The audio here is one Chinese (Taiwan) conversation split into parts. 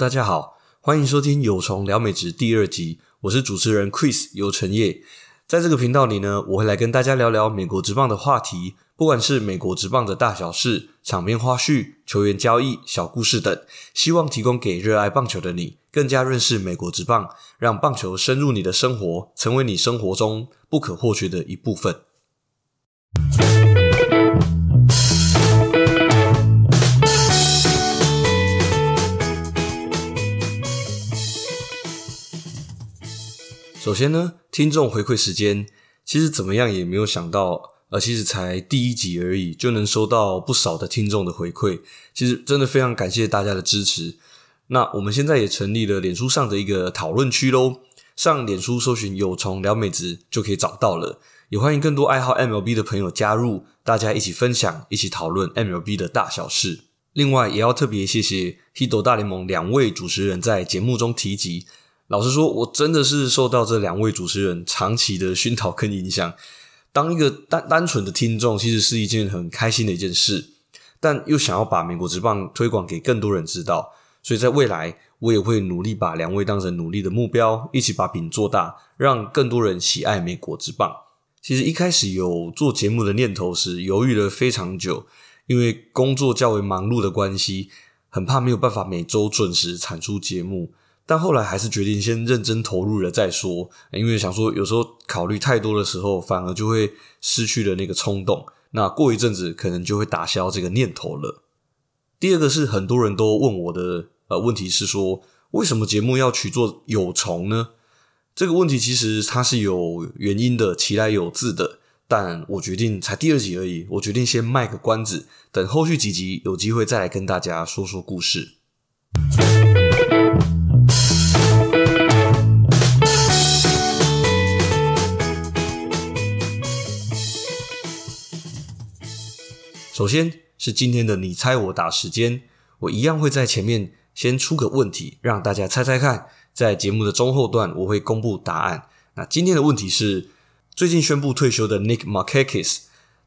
大家好，歡迎收聽《有蟲聊美職》第二集，我是主持人 Chris 由陳業。在這個頻道裡呢，我會來跟大家聊聊美國職棒的話題，不管是美國職棒的大小事、場面花絮、球員交易、小故事等，希望提供給熱愛棒球的你，更加認識美國職棒，讓棒球深入你的生活，成為你生活中不可或缺的一部分。首先呢，聽眾回饋時間，其實怎麼樣也沒有想到，呃，其實才第一集而已，就能收到不少的聽眾的回饋。其實真的非常感謝大家的支持。那我們現在也成立了臉書上的一個討論區嘍，上臉書搜尋“有從聊美職”就可以找到了。也歡迎更多愛好 MLB 的朋友加入，大家一起分享、一起討論 MLB 的大小事。另外，也要特別謝謝《Hito 大聯盟》兩位主持人在節目中提及。老實說，我真的是受到這兩位主持人長期的熏陶跟影響。當一個單單純的聽眾，其實是一件很開心的一件事，但又想要把美國職棒推廣給更多人知道，所以在未來，我也會努力把兩位當成努力的目標，一起把餅做大，讓更多人喜愛美國職棒。其實一開始有做節目的念頭時，猶豫了非常久，因為工作較為忙碌的關係，很怕沒有辦法每周準時產出節目。但後來還是決定先認真投入了再說，因為想說有時候考慮太多的時候，反而就會失去了那個衝動。那過一陣子，可能就會打消這個念頭了。第二個是很多人都問我的呃問題，是說為什麼節目要取做有蟲呢？這個問題其實它是有原因的，其來有自的。但我決定才第二集而已，我決定先賣個關子，等後續幾集有機會再來跟大家說說故事。首先是今天的你猜我打時間，我一樣會在前面先出個問題，讓大家猜猜看。在節目的中後段，我會公布答案。那今天的問題是：最近宣布退休的 Nick Markakis，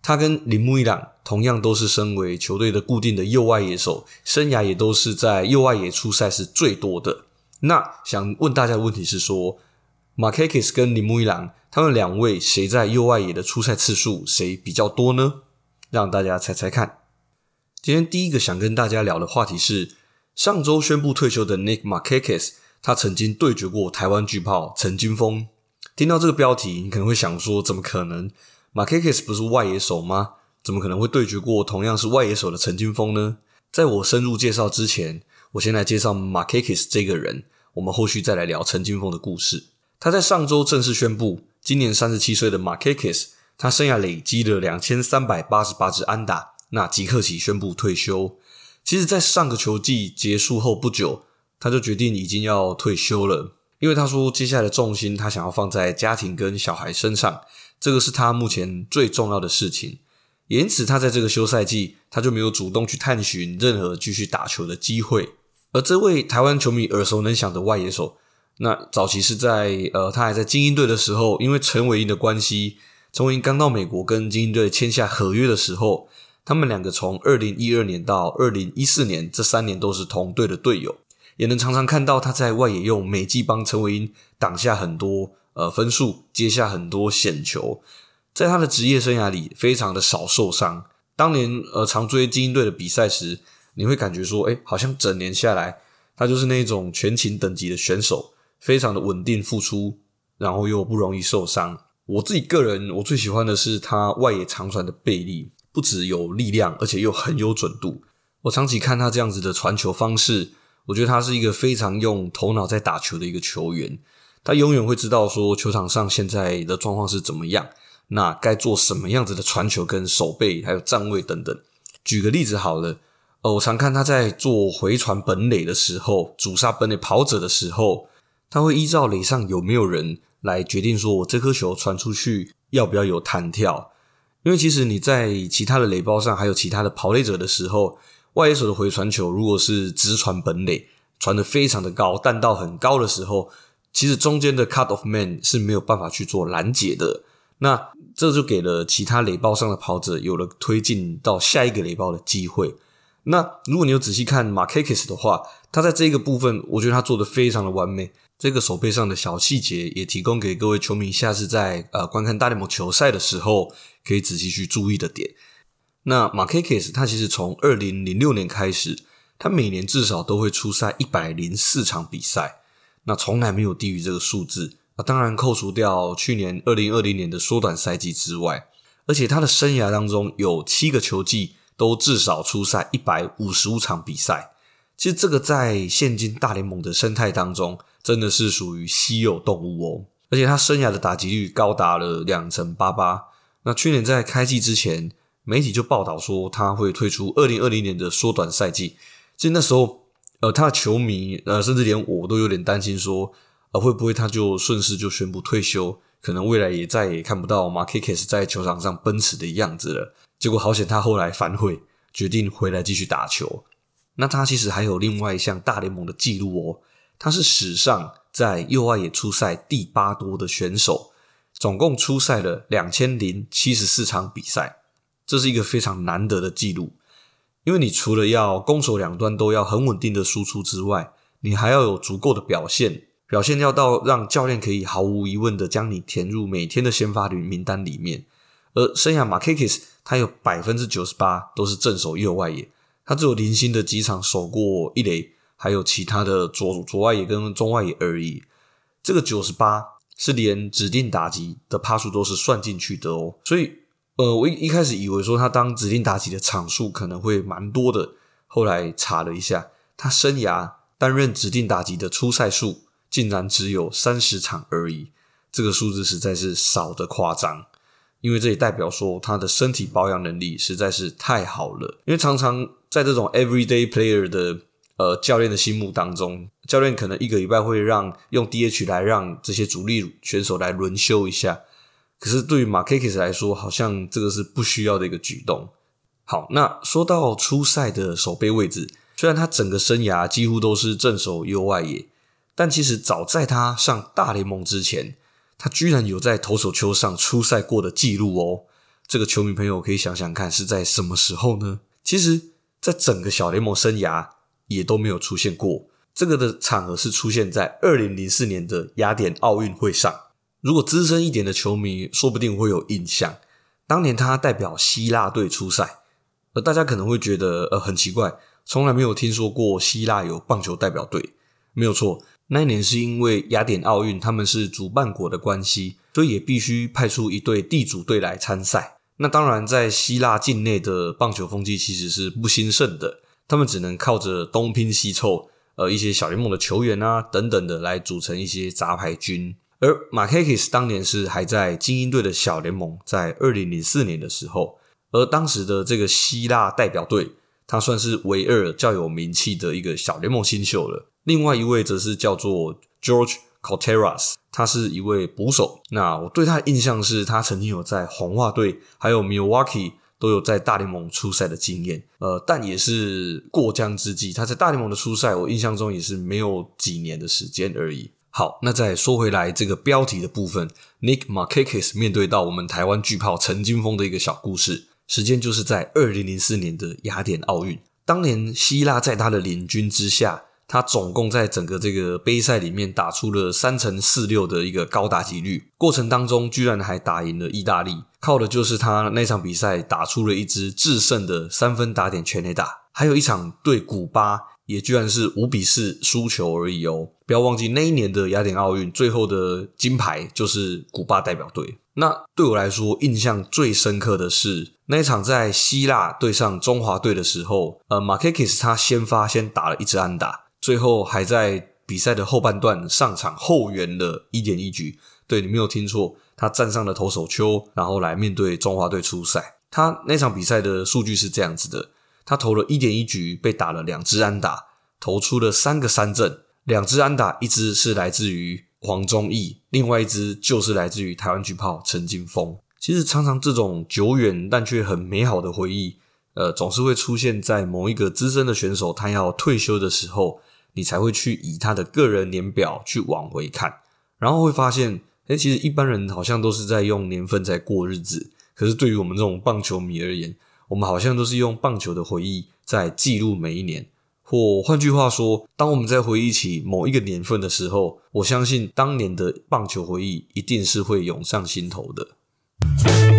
他跟鈴木一朗同樣都是身為球隊的固定的右外野手，生涯也都是在右外野出賽是最多的。那想問大家的問題是說，Markakis 跟鈴木一朗，他們兩位誰在右外野的出賽次數誰比較多呢？讓大家猜猜看。今天第一個想跟大家聊的話題是上周宣布退休的 Nick Markakis 他曾經對決過台灣巨炮陳金峰。聽到這個標題，你可能會想說：怎麼可能？Markakis 不是外野手嗎？怎麼可能會對決過同樣是外野手的陳金峰呢？在我深入介紹之前，我先來介紹 Markakis 這個人，我們後續再來聊陳金峰的故事。他在上周正式宣布，今年三十七歲的 Markakis 他生涯累積了兩千三百八十八支安打，那即刻起宣布退休。其實，在上個球季結束後不久，他就決定已經要退休了，因為他說接下來的重心他想要放在家庭跟小孩身上，這個是他目前最重要的事情。因此，他在這個休賽季，他就沒有主動去探尋任何繼續打球的機會。而這位台灣球迷耳熟能詳的外野手，那早期是在呃，他還在金鶯隊的時候，因為陳偉殷的關係。陳偉殷剛到美國跟金鶯隊簽下合約的時候，他們兩個從二零一二年到二零一四年這三年都是同隊的隊友，也能常常看到他在外野用美技幫陳偉殷擋下很多呃分數，接下很多險球。在他的職業生涯裡，非常的少受傷。當年呃，常追金鶯隊的比賽時，你會感覺說，哎，好像整年下來他就是那種全勤等級的選手，非常的穩定付出，然後又不容易受傷。我自己個人，我最喜歡的是他外野長傳的臂力，不只有力量，而且又很有準度。我長期看他這樣子的傳球方式，我覺得他是一個非常用頭腦在打球的一個球員。他永遠會知道說球場上現在的狀況是怎麼樣，那該做什麼樣子的傳球，跟守備，還有站位等等。舉個例子好了，呃，我常看他在做回傳本壘的時候，阻殺本壘跑者的時候，他會依照壘上有沒有人。來決定說，我這顆球傳出去要不要有彈跳？因為其實你在其他的壘包上還有其他的跑壘者的時候，外野手的回傳球如果是直傳本壘，傳得非常的高，彈道很高的時候，其實中間的 cut off man 是沒有辦法去做攔截的。那這就給了其他壘包上的跑者有了推進到下一個壘包的機會。那如果你有仔細看 Markakis 的話，他在這個部分，我覺得他做得非常的完美。這個手背上的小細節，也提供給各位球迷，下次在呃觀看大聯盟球賽的時候，可以仔細去注意的點。那馬凱克斯他其實從二零零六年開始，他每年至少都會出賽一百零四場比賽，那從來沒有低於這個數字。啊，當然扣除掉去年二零二零年的縮短賽季之外，而且他的生涯當中有七個球季都至少出賽一百五十五場比賽。其實這個在現今大聯盟的生態當中。真的是屬於稀有動物哦，而且他生涯的打擊率高達了兩成八八。那去年在開季之前，媒體就報道說他會退出二零二零年的縮短賽季。就那時候，呃，他的球迷，呃，甚至連我都有點擔心說，呃，會不會他就順勢就宣布退休，可能未來也再也看不到 Markakis 在球場上奔馳的樣子了。結果好險，他後來反悔，決定回來繼續打球。那他其實還有另外一項大聯盟的記錄哦。他是史上在右外野出賽第八多的選手，總共出賽了兩千零七十四場比賽，這是一個非常難得的記錄。因為你除了要攻守兩端都要很穩定的輸出之外，你還要有足夠的表現，表現要到讓教練可以毫無疑問的將你填入每天的先發率名單裡面。而生涯 Markakis 他有百分之九十八都是正守右外野，他只有零星的幾場守過一壘。還有其他的左左外野跟中外野而已，這個九十八是連指定打擊的趴數都是算進去的哦。所以，呃，我一一開始以為說他當指定打擊的場數可能會蠻多的，後來查了一下，他生涯擔任指定打擊的出賽數竟然只有三十場而已，這個數字實在是少得誇張。因為這也代表說他的身體保養能力實在是太好了，因為常常在這種 everyday player 的。呃，教練的心目當中，教練可能一個禮拜會讓用 D H 來讓這些主力選手來輪休一下。可是對於馬卡基斯來說，好像這個是不需要的一個舉動。好，那說到出賽的守備位置，雖然他整個生涯幾乎都是正手右外野，但其實早在他上大聯盟之前，他居然有在投手丘上出賽過的記錄哦。這個球迷朋友可以想想看，是在什麼時候呢？其實，在整個小聯盟生涯，也都沒有出現過，這個的場合是出現在二零零四年的雅典奧運會上。如果資深一點的球迷，說不定會有印象，當年他代表希臘隊出賽。呃，大家可能會覺得呃很奇怪，從來沒有聽說過希臘有棒球代表隊。沒有錯，那一年是因為雅典奧運他們是主辦國的關係，所以也必須派出一隊地主隊來參賽。那當然，在希臘境內的棒球風氣其實是不興盛的。他們只能靠着東拼西湊，呃，一些小聯盟的球員啊等等的來組成一些雜牌軍。而 Markakis 當年是還在精英隊的小聯盟，在二零零四年的時候，而當時的這個希臘代表隊，他算是唯二較有名氣的一個小聯盟新秀了。另外一位則是叫做 George Kottaras，他是一位捕手。那我對他的印象是他曾經有在紅襪隊，還有 Milwaukee。都有在大聯盟出賽的經驗，呃，但也是過江之鯽。他在大聯盟的出賽，我印象中也是沒有幾年的時間而已。好，那再說回來這個標題的部分，Nick Markakis 面對到我們台灣巨炮陳金鋒的一個小故事，時間就是在二零零四年的雅典奧運，當年希臘在他的領軍之下，他總共在整個這個杯賽裡面打出了三成四六的一個高打幾率，過程當中居然還打贏了意大利，靠的就是他那場比賽打出了一支制勝的三分打點全壘打，還有一場對古巴也居然是五比四輸球而已哦。不要忘記那一年的雅典奧運最後的金牌就是古巴代表隊。那對我來說印象最深刻的是那一場在希臘對上中華隊的時候，呃，馬凱基 s 他先發先打了一支安打。最後還在比賽的後半段上場後援了一點一局，對，你沒有聽錯，他站上了投手丘，然後來面對中華隊出賽。他那場比賽的數據是這樣子的：他投了一點一局，被打了兩支安打，投出了三個三振，兩支安打，一支是來自於黃忠義，另外一支就是來自於台灣巨炮陳金鋒。其實常常這種久遠但卻很美好的回憶，呃，總是會出現在某一個資深的選手他要退休的時候。你才會去以他的個人年表去往回看，然後會發現，誒，其實一般人好像都是在用年份在過日子，可是對於我們這種棒球迷而言，我們好像都是用棒球的回憶在記錄每一年。或換句話說，當我們在回憶起某一個年份的時候，我相信當年的棒球回憶一定是會湧上心頭的。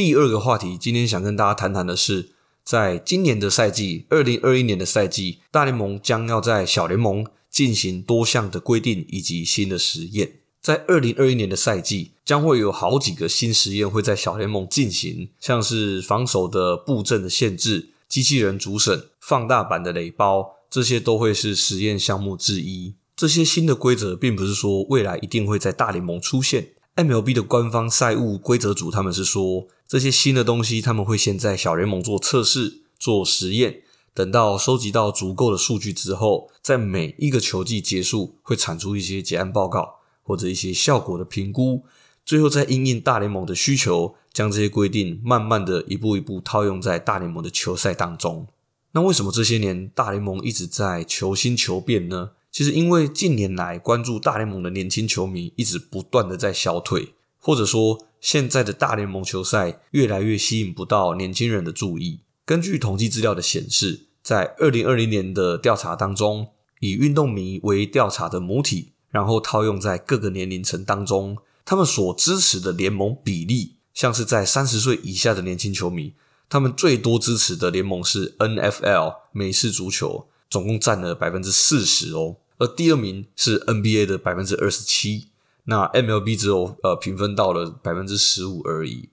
第二個話題，今天想跟大家談談的是，在今年的賽季，二零二一年的賽季，大聯盟將要在小聯盟進行多項的規定以及新的實驗。在二零二一年的賽季，將會有好幾個新實驗會在小聯盟進行，像是防守的布陣的限制、機器人主審、放大版的壘包，這些都會是實驗項目之一。這些新的規則，並不是說未來一定會在大聯盟出現。MLB 的官方賽務規則組，他們是說，這些新的東西他們會先在小聯盟做測試、做實驗，等到收集到足夠的數據之後，在每一個球季結束會產出一些結案報告或者一些效果的評估，最後再因應大聯盟的需求，將這些規定慢慢的一步一步套用在大聯盟的球賽當中。那為什麼這些年大聯盟一直在求新求變呢？其實，因為近年來關注大聯盟的年輕球迷一直不斷的在消退，或者說現在的大聯盟球賽越來越吸引不到年輕人的注意。根據統計資料的顯示，在二零二零年的調查當中，以運動迷為調查的母體，然後套用在各個年齡層當中，他們所支持的聯盟比例，像是在三十歲以下的年輕球迷，他們最多支持的聯盟是 NFL，美式足球，總共佔了百分之四十哦。而第二名是 NBA 的百分之二十七，那 MLB 只有呃評分到了百分之十五而已。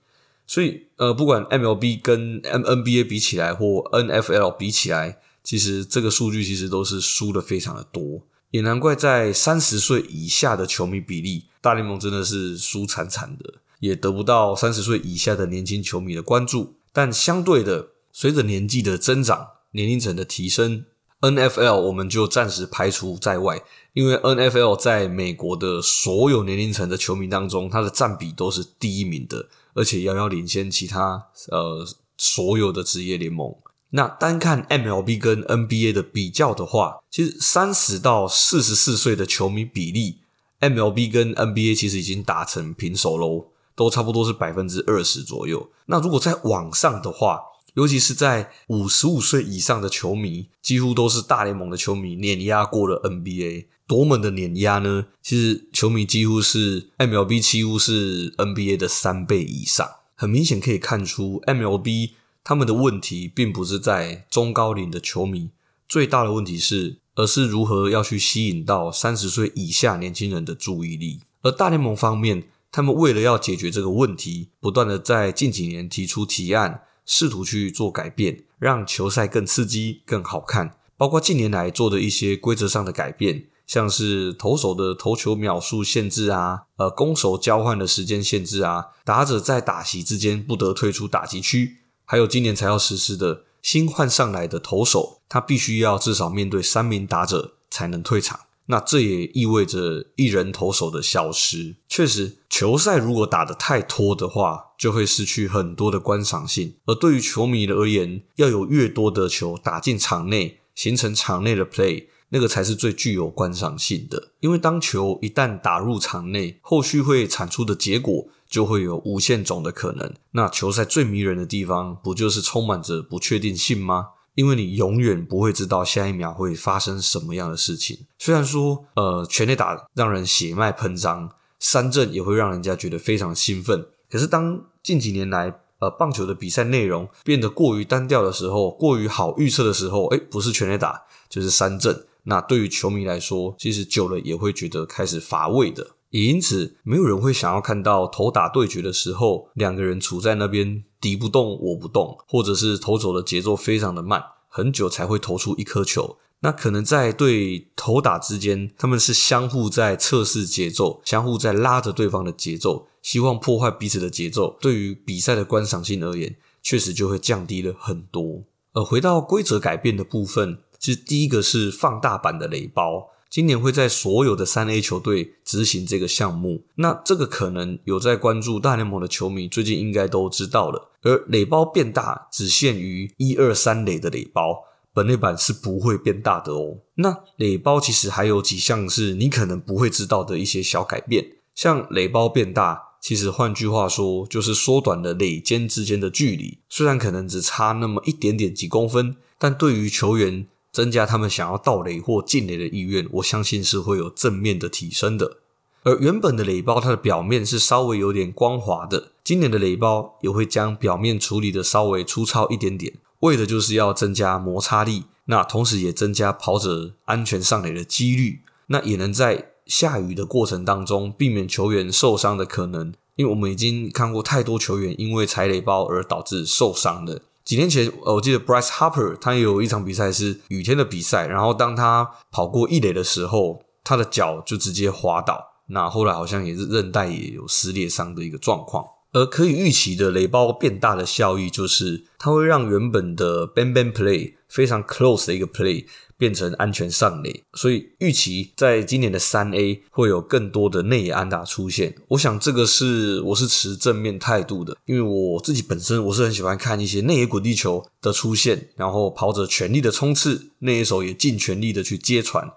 所以呃，不管 MLB 跟 M NBA 比起來，或 NFL 比起來，其實這個數據其實都是輸得非常的多，也難怪在三十歲以下的球迷比例，大聯盟真的是輸慘慘的，也得不到三十歲以下的年輕球迷的關注。但相對的，隨着年紀的增長，年齡層的提升。N F L 我們就暫時排除在外，因為 N F L 在美國的所有年齡層的球迷當中，它的占比都是第一名的，而且遙遙領先其他呃所有的職業聯盟。那單看 M L B 跟 N B A 的比較的話，其實三十到四十四歲的球迷比例，M L B 跟 N B A 其實已經打成平手嘍，都差不多是百分之二十左右。那如果再往上的話，尤其是在五十五歲以上的球迷，幾乎都是大聯盟的球迷碾壓過了 NBA，多麼的碾壓呢？其實球迷幾乎是 MLB，幾乎是 NBA 的三倍以上。很明顯可以看出，MLB 他們的問題並不是在中高齡的球迷，最大的問題是，而是如何要去吸引到三十歲以下年輕人的注意力。而大聯盟方面，他們為了要解決這個問題，不斷的在近幾年提出提案。試圖去做改變，讓球賽更刺激、更好看。包括近年來做的一些規則上的改變，像是投手的投球秒數限制啊，呃，攻守交換的時間限制啊，打者在打席之間不得退出打擊區。還有今年才要實施的新換上來的投手，他必須要至少面對三名打者才能退場。那這也意味着一人投手的消失。確實。球賽如果打得太拖的話，就會失去很多的觀賞性。而對於球迷的而言，要有越多的球打進場內，形成場內的 play，那個才是最具有觀賞性的。因為當球一旦打入場內，後續會產出的結果就會有無限種的可能。那球賽最迷人的地方，不就是充滿着不確定性嗎？因為你永遠不會知道下一秒會發生什麼樣的事情。雖然說，呃，全壘打讓人血脈噴張。三振也會讓人家覺得非常興奮。可是當近幾年來，呃，棒球的比賽內容變得過於單調的時候，過於好預測的時候，哎，不是全壘打就是三振。那對於球迷來說，其實久了也會覺得開始乏味的。也因此，沒有人會想要看到投打對決的時候，兩個人處在那邊敵不動我不動，或者是投手的節奏非常的慢，很久才會投出一顆球。那可能在對投打之間，他們是相互在測試節奏，相互在拉着對方的節奏，希望破壞彼此的節奏。對於比賽的觀賞性而言，確實就會降低了很多。而回到規則改變的部分，是第一個是放大版的壘包，今年會在所有的三 A 球隊執行這個項目。那這個可能有在關注大聯盟的球迷最近應該都知道了。而壘包變大只限於一二三壘的壘包。本壘板是不會變大的哦。那壘包其實還有幾項是你可能不會知道的一些小改變，像壘包變大，其實換句話說就是縮短了壘間之間的距離。雖然可能只差那麼一點點幾公分，但對於球員增加他們想要盜壘或進壘的意願，我相信是會有正面的提升的。而原本的壘包它的表面是稍微有點光滑的，今年的壘包也會將表面處理得稍微粗糙一點點。為的就是要增加摩擦力，那同時也增加跑者安全上壘的幾率，那也能在下雨的過程當中避免球員受傷的可能。因為我們已經看過太多球員因為踩壘包而導致受傷的。幾天前，我記得 Bryce Harper 他也有一場比賽是雨天的比賽，然後當他跑過一壘的時候，他的腳就直接滑倒，那後來好像也是韌帶也有撕裂傷的一個狀況。而可以預期的壘包變大的效益，就是它會讓原本的 bang bang play 非常 close 的一個 play 變成安全上壘，所以預期在今年的三 A 會有更多的內野安打出現。我想這個是我是持正面態度的，因為我自己本身我是很喜歡看一些內野滾地球的出現，然後跑者全力的衝刺，內野手也盡全力的去接傳，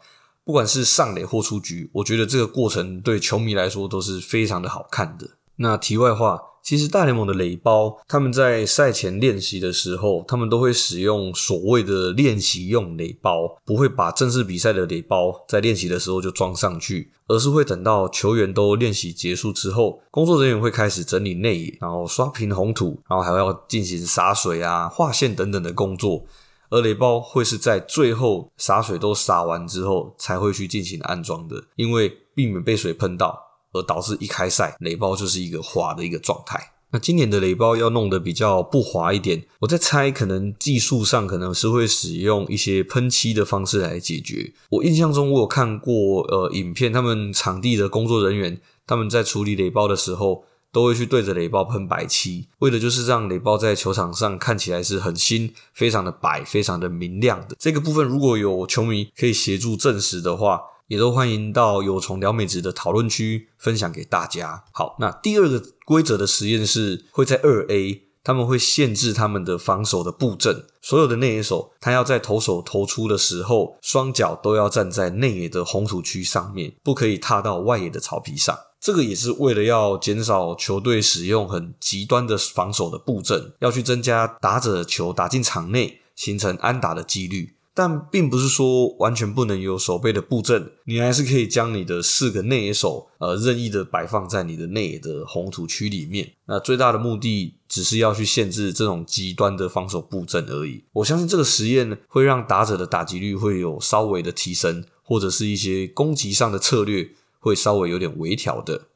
不管是上壘或出局，我覺得這個過程對球迷來說都是非常的好看的。那題外話，其實大聯盟的壘包，他們在賽前練習的時候，他們都會使用所謂的練習用壘包，不會把正式比賽的壘包在練習的時候就裝上去，而是會等到球員都練習結束之後，工作人員會開始整理內野，然後刷平紅土，然後還要進行灑水啊、劃線等等的工作，而壘包會是在最後灑水都灑完之後才會去進行安裝的，因為避免被水噴到。而導致一開賽，壘包就是一個滑的一個狀態。那今年的壘包要弄得比較不滑一點，我在猜，可能技術上可能是會使用一些噴漆的方式來解決。我印象中，我有看過呃影片，他們場地的工作人員他們在處理壘包的時候，都會去對着壘包噴白漆，為的就是讓壘包在球場上看起來是很新、非常的白、非常的明亮的。這個部分如果有球迷可以協助證實的話。也都歡迎到有從聊美職的討論區分享給大家。好，那第二個規則的實驗是會在二 A，他們會限制他們的防守的布陣，所有的內野手他要在投手投出的時候，雙腳都要站在內野的紅土區上面，不可以踏到外野的草皮上。這個也是為了要減少球隊使用很極端的防守的布陣，要去增加打者球打進場內形成安打的幾率。但並不是說完全不能有守備的布陣，你還是可以將你的四個內野手呃任意的擺放在你的內野的紅土區裡面。那最大的目的只是要去限制這種極端的防守布陣而已。我相信這個實驗會讓打者的打擊率會有稍微的提升，或者是一些攻擊上的策略會稍微有點微調的。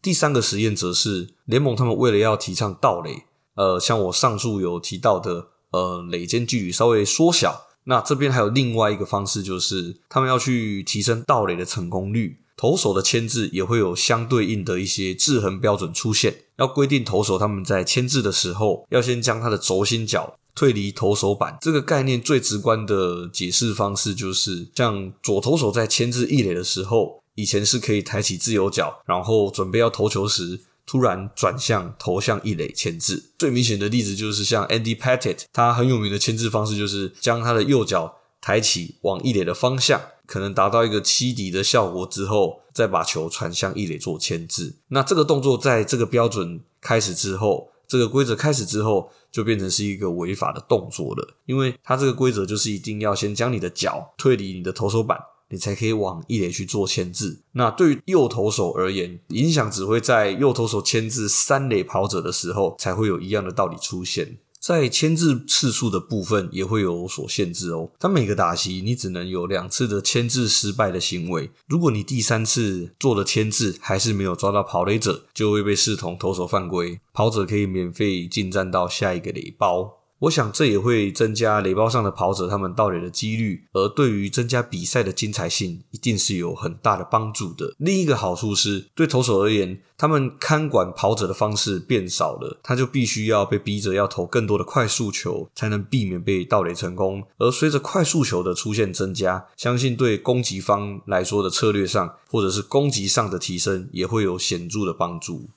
第三個實驗則是聯盟他們為了要提倡盜壘，呃，像我上述有提到的，呃，壘間距離稍微縮小。那這邊還有另外一個方式，就是他們要去提升盜壘的成功率，投手的牽制也會有相對應的一些制衡標準出現，要規定投手他們在牽制的時候，要先將他的軸心腳退離投手板。這個概念最直觀的解釋方式就是，像左投手在牽制一壘的時候，以前是可以抬起自由腳，然後準備要投球時。突然轉向投向一壘牽制，最明顯的例子就是像 Andy Pettitte，他很有名的牽制方式就是將他的右腳抬起往一壘的方向，可能達到一個欺敵的效果之後，再把球傳向一壘做牽制。那這個動作在這個標準開始之後，這個規則開始之後，就變成是一個違法的動作了，因為他這個規則就是一定要先將你的腳退離你的投手板。你才可以往一壘去做牽制。那對於右投手而言，影響只會在右投手牽制三壘跑者的時候才會有一樣的道理出現，在牽制次數的部分也會有所限制哦。他每個打席你只能有兩次的牽制失敗的行為，如果你第三次做了牽制還是沒有抓到跑壘者，就會被視同投手犯規，跑者可以免費進站到下一個壘包。我想這也會增加壘包上的跑者他們盜壘的幾率，而對於增加比賽的精彩性，一定是有很大的幫助的。另一個好處是，對投手而言，他們看管跑者的方式變少了，他就必須要被逼着要投更多的快速球，才能避免被盜壘成功。而隨着快速球的出現增加，相信對攻擊方來說的策略上或者是攻擊上的提升，也會有顯著的幫助。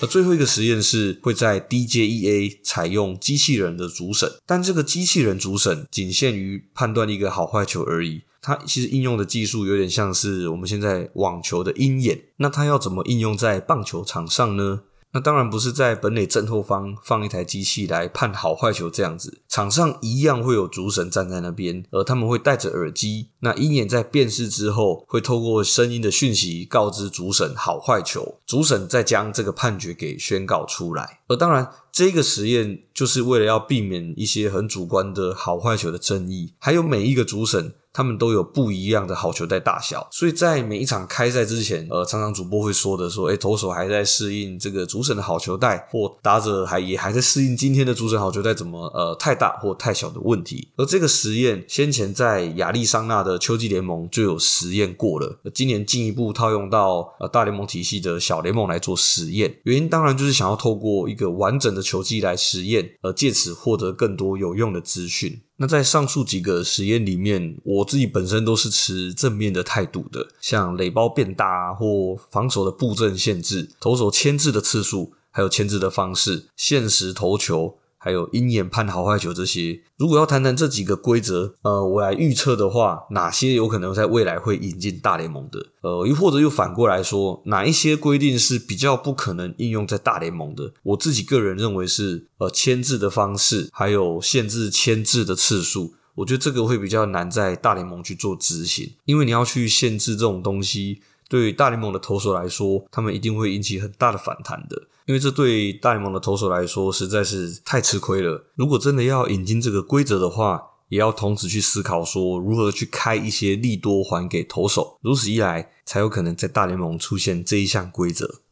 而最後一個實驗是會在低階 A 採用機器人的主審，但這個機器人主審僅限於判斷一個好壞球而已。它其實應用的技術有點像是我們現在網球的鷹眼，那它要怎麼應用在棒球場上呢？那當然不是在本壘正後方放一台機器來判好壞球這樣子，場上一樣會有主審站在那邊，而他們會戴着耳機。那鷹眼在辨識之後，會透過聲音的訊息告知主審好壞球，主審再將這個判決給宣告出來。而當然，這個實驗就是為了要避免一些很主觀的好壞球的爭議，還有每一個主審。他們都有不一樣的好球帶大小，所以在每一場開賽之前，呃，常常主播會說的說，誒、欸、投手還在適應這個主審的好球帶，或打者還也還在適應今天的主審好球帶怎麼呃太大或太小的問題。而這個實驗先前在亞利桑那的秋季聯盟就有實驗過了，呃、今年進一步套用到呃大聯盟體系的小聯盟來做實驗。原因當然就是想要透過一個完整的球季來實驗，呃，借此獲得更多有用的資訊。那在上述幾個實驗裡面，我自己本身都是持正面的態度的，像壘包變大或防守的布陣限制、投手牽制的次數，還有牽制的方式、限時投球。還有鷹眼判好壞球這些，如果要談談這幾個規則，呃，我來預測的話，哪些有可能在未來會引進大聯盟的？呃，又或者又反過來說，哪一些規定是比較不可能應用在大聯盟的？我自己個人認為是，呃，牽制的方式還有限制牽制的次數，我覺得這個會比較難在大聯盟去做執行，因為你要去限制這種東西，對於大聯盟的投手來說，他們一定會引起很大的反彈的。因為這對大聯盟的投手來說實在是太吃虧了。如果真的要引進這個規則的話，也要同時去思考說如何去開一些利多還給投手。如此一來，才有可能在大聯盟出現這一項規則。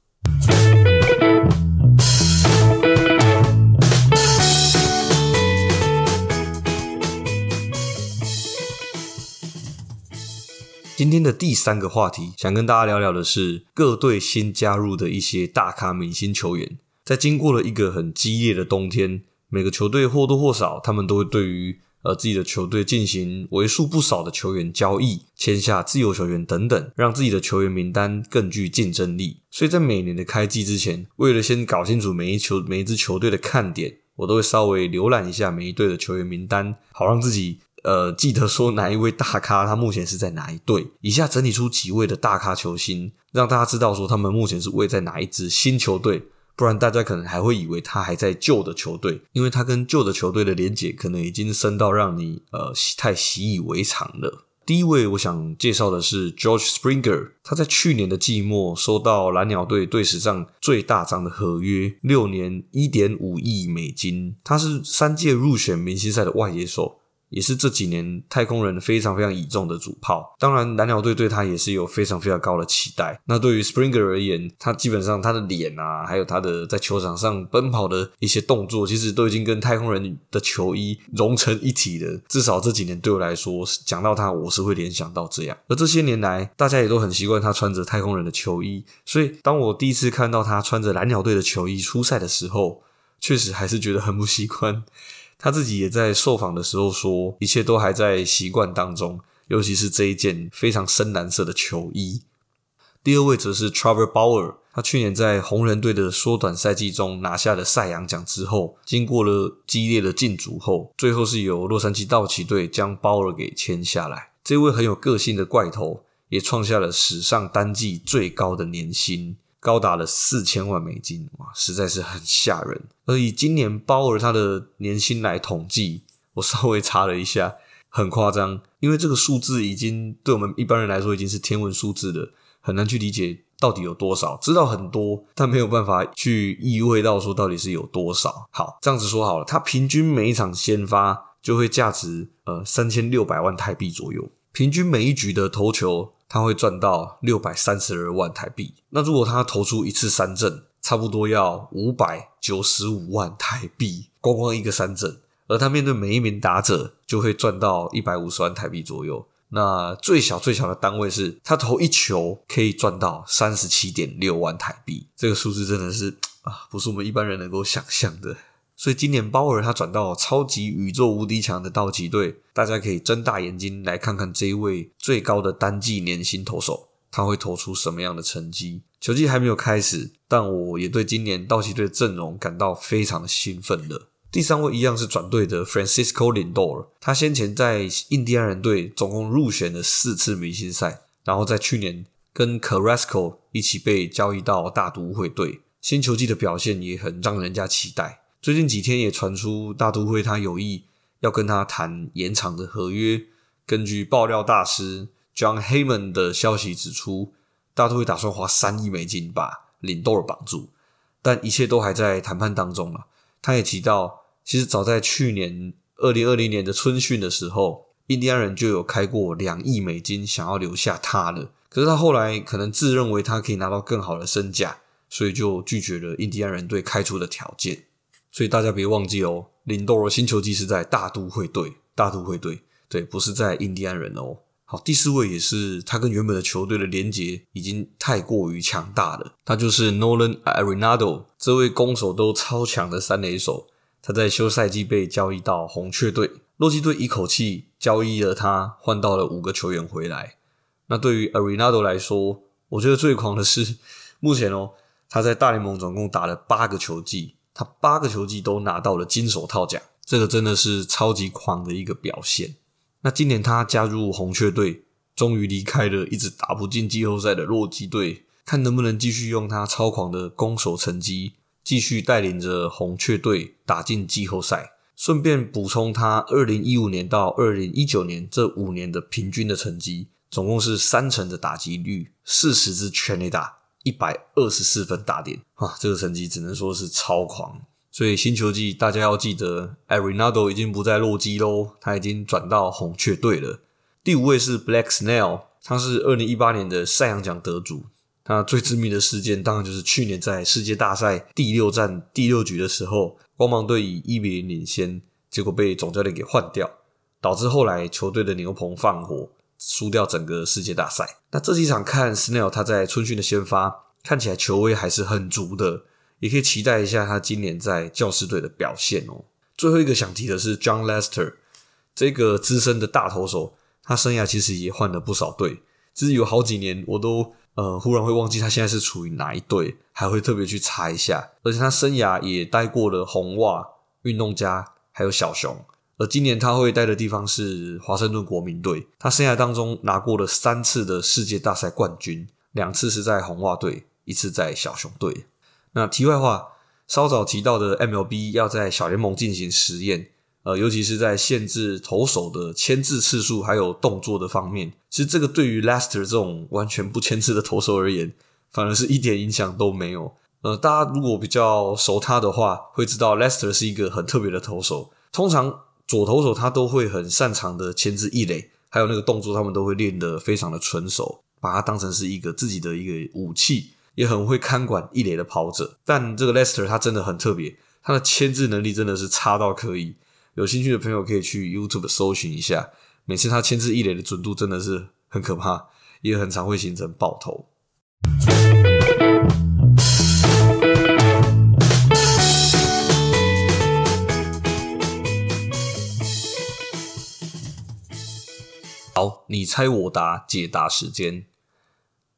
今天的第三個話題，想跟大家聊聊的是各隊新加入的一些大咖明星球員。在經過了一個很激烈的冬天，每個球隊或多或少，他們都會對於呃自己的球隊進行為數不少的球員交易，簽下自由球員等等，讓自己的球員名單更具競爭力。所以在每年的開季之前，為了先搞清楚每一球每一支球隊的看點，我都會稍微瀏覽一下每一隊的球員名單，好讓自己。呃，記得說哪一位大咖，他目前是在哪一隊？以下整理出幾位的大咖球星，讓大家知道說他們目前是位在哪一支新球隊，不然大家可能還會以為他還在舊的球隊，因為他跟舊的球隊的連結可能已經深到讓你呃太習以為常了。第一位，我想介紹的是 George Springer，他在去年的季末收到藍鳥隊隊史上最大張的合約，六年一點五億美金。他是三屆入選明星賽的外野手。也是這幾年太空人非常非常倚重的主炮，當然藍鳥隊對他也是有非常非常高的期待。那對於 Springer 而言，他基本上他的臉啊，還有他的在球場上奔跑的一些動作，其實都已經跟太空人的球衣融成一體了。至少這幾年對我來說，講到他，我是會聯想到這樣。而這些年來，大家也都很習慣他穿着太空人的球衣，所以當我第一次看到他穿着藍鳥隊的球衣出賽的時候，確實還是覺得很不習慣。他自己也在受訪的時候說，一切都還在習慣當中，尤其是這一件非常深藍色的球衣。第二位則是 Trevor Bauer，他去年在紅人隊的縮短賽季中拿下了賽揚獎之後，經過了激烈的競逐後，最後是由洛杉磯道奇隊將 Bauer 給簽下來。這位很有個性的怪頭，也創下了史上單季最高的年薪。高達了四千萬美金，哇，實在是很嚇人。而以今年鮑爾他的年薪來統計，我稍微查了一下，很誇張，因為這個數字已經對我們一般人來說已經是天文數字了，很難去理解到底有多少。知道很多，但沒有辦法去意味到說到底是有多少。好，這樣子說好了，他平均每一場先發就會價值呃三千六百萬台幣左右，平均每一局的投球。他會賺到六百三十二萬台幣。那如果他投出一次三振，差不多要五百九十五萬台幣，光光一個三振。而他面對每一名打者，就會賺到一百五十萬台幣左右。那最小最小的單位是他投一球可以賺到三十七點六萬台幣。這個數字真的是啊，不是我們一般人能夠想象的。所以今年鮑爾他轉到超級宇宙無敵強的道奇隊，大家可以睜大眼睛來看看這一位最高的單季年薪投手，他會投出什麼樣的成績？球季還沒有開始，但我也對今年道奇隊的陣容感到非常興奮了。第三位一樣是轉隊的 Francisco Lindor，他先前在印第安人隊總共入選了四次明星賽，然後在去年跟 Carrasco 一起被交易到大都會隊，新球季的表現也很讓人家期待。最近幾天也傳出大都會他有意要跟他談延長的合約。根據爆料大師 John Heyman 的消息指出，大都會打算花三億美金把林多爾綁住，但一切都還在談判當中啊。他也提到，其實早在去年二零二零年的春訓的時候，印第安人就有開過兩億美金想要留下他了。可是他後來可能自認為他可以拿到更好的身價，所以就拒絕了印第安人隊開出的條件。所以大家別忘記哦，Lindor 新球季是在大都會隊，大都會隊，對，不是在印第安人哦。好，第四位也是他跟原本的球隊的連結已經太過於強大了，他就是 Nolan Arenado 這位攻守都超強的三壘手，他在休賽季被交易到紅雀隊，洛基隊一口氣交易了他，換到了五個球員回來。那對於 Arenado 來說，我覺得最狂的是目前哦，他在大聯盟總共打了八個球季。他八個球季都拿到了金手套獎，這個真的是超級狂的一個表現。那今年他加入紅雀隊，終於離開了一直打不進季後賽的洛基隊，看能不能繼續用他超狂的攻守成績，繼續帶領着紅雀隊打進季後賽。順便補充，他二零一五年到二零一九年這五年的平均的成績，總共是三成的打擊率，四十支全壘打，一百二十四分打點啊！這個成績只能說是超狂。所以新球季大家要記得 Arenado 已經不在洛磯嘍，他已經轉到紅雀隊了。第五位是 Blake Snell，他是二零一八年的賽揚獎得主。他最致命的事件當然就是去年在世界大賽第六戰第六局的時候，光芒隊以一比零領先，結果被總教練給換掉，導致後來球隊的牛棚放火。輸掉整個世界大賽。那這幾場看 Snell 他在春訓的先發，看起來球威還是很足的，也可以期待一下他今年在教士隊的表現哦。最後一個想提的是 John Lester，這個資深的大投手，他生涯其實也換了不少隊，只是有好幾年我都呃忽然會忘記他現在是處於哪一隊，還會特別去查一下。而且他生涯也帶過了紅襪、運動家，還有小熊。而今年他會待的地方是華盛頓國民隊。他生涯當中拿過了三次的世界大賽冠軍，兩次是在紅襪隊，一次在小熊隊。那題外話，稍早提到的 MLB 要在小聯盟進行實驗，呃，尤其是在限制投手的牽制次數還有動作的方面，其實這個對於 Lester 這種完全不牽制的投手而言，反而是一點影響都沒有。呃，大家如果比較熟他的話，會知道 Lester 是一個很特別的投手，通常。左投手他都會很擅長的牽制一壘，還有那個動作他們都會練得非常的純熟，把它當成是一個自己的一個武器，也很會看管一壘的跑者。但這個 Lester 他真的很特別，他的牽制能力真的是差到可以。有興趣的朋友可以去 YouTube 搜尋一下，每次他牽制一壘的準度真的是很可怕，也很常會形成爆頭。好，你猜我答。解答時間：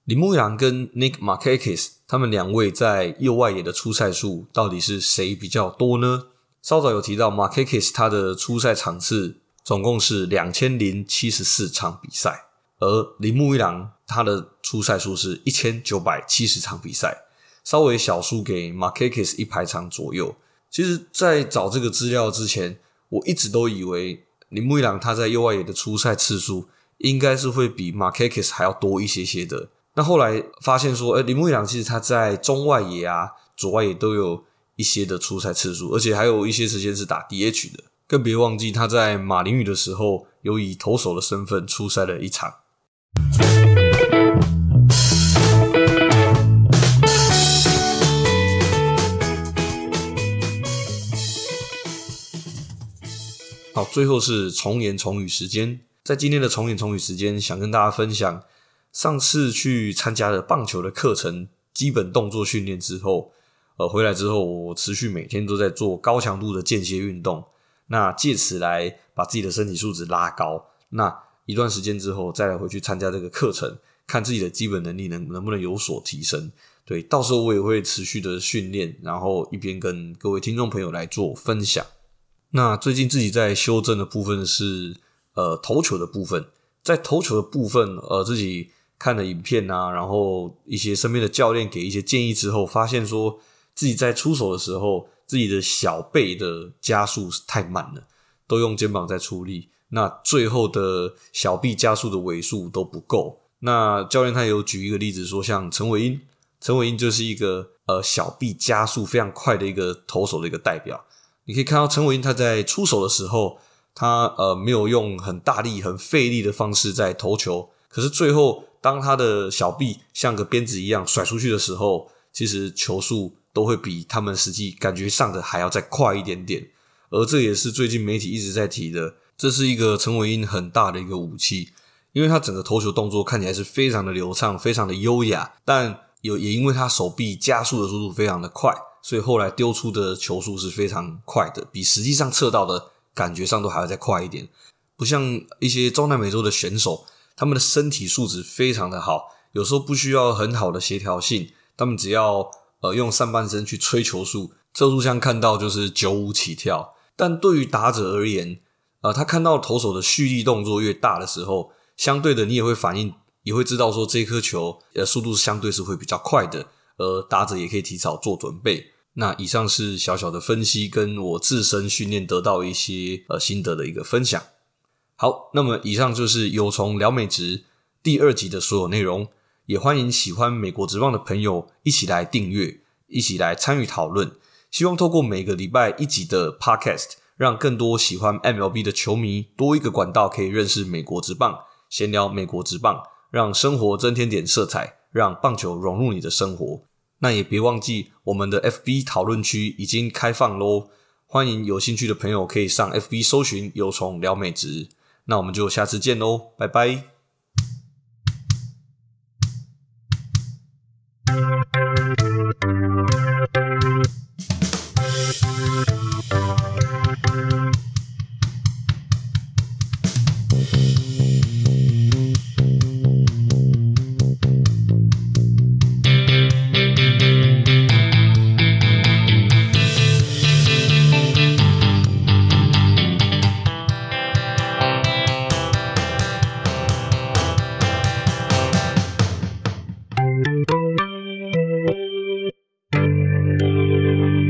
鈴木一朗跟 Nick Markakis 他們兩位在右外野的出賽數，到底是誰比較多呢？稍早有提到 Markakis 他的出賽場次總共是兩千零七十四場比賽，而鈴木一朗他的出賽數是一千九百七十場比賽，稍微小輸給 Markakis 一排場左右。其實，在找這個資料之前，我一直都以為。鈴木一朗他在右外野的出賽次數應該是會比馬凱克斯還要多一些些的。那後來發現說，哎，鈴木一朗其實他在中外野啊、左外野都有一些的出賽次數，而且還有一些時間是打 DH 的。更別忘記他在馬林魚的時候，有以投手的身份出賽了一場。好，最後是重言重語時間。在今天的重言重語時間，想跟大家分享，上次去參加了棒球的課程，基本動作訓練之後，呃，回來之後我持續每天都在做高強度的間歇運動，那借此來把自己的身體素質拉高。那一段時間之後，再來回去參加這個課程，看自己的基本能力能能不能有所提升。對，到時候我也會持續的訓練，然後一邊跟各位聽眾朋友來做分享。那最近自己在修正的部分是呃投球的部分，在投球的部分，呃自己看了影片吶、啊，然後一些身邊的教練給一些建議之後，發現說自己在出手的時候，自己的小臂的加速是太慢了，都用肩膀在出力，那最後的小臂加速的尾數都不夠。那教練他有舉一個例子說，像陳偉殷，陳偉殷就是一個呃小臂加速非常快的一個投手的一個代表。你可以看到陳偉殷他在出手的時候，他呃沒有用很大力、很費力的方式在投球，可是最後當他的小臂像個鞭子一樣甩出去的時候，其實球速都會比他們實際感覺上的還要再快一點點。而這也是最近媒體一直在提的，這是一個陳偉殷很大的一個武器，因為他整個投球動作看起來是非常的流暢、非常的優雅，但有也因為他手臂加速的速度非常的快。所以後來丟出的球速是非常快的，比實際上測到的感覺上都還要再快一點。不像一些中南美洲的選手，他們的身體素質非常的好，有時候不需要很好的協調性，他們只要呃用上半身去催球速，測速槍看到就是九五起跳。但對於打者而言，呃，他看到投手的蓄力動作越大的時候，相對的你也會反應，也會知道說這顆球呃速度是相對是會比較快的，呃，打者也可以提早做準備。那以上是小小的分析，跟我自身訓練得到一些呃心得的一個分享。好，那麼以上就是有從聊美職第二集的所有內容。也歡迎喜歡美國職棒的朋友一起來訂閱，一起來參與討論。希望透過每個禮拜一集的 Podcast，讓更多喜歡 MLB 的球迷多一個管道可以認識美國職棒，閒聊美國職棒，讓生活增添點色彩，讓棒球融入你的生活。那也別忘記，我們的 FB 討論區已經開放嘍，歡迎有興趣的朋友可以上 FB 搜尋“有蟲聊美職”。那我們就下次見嘍，拜拜。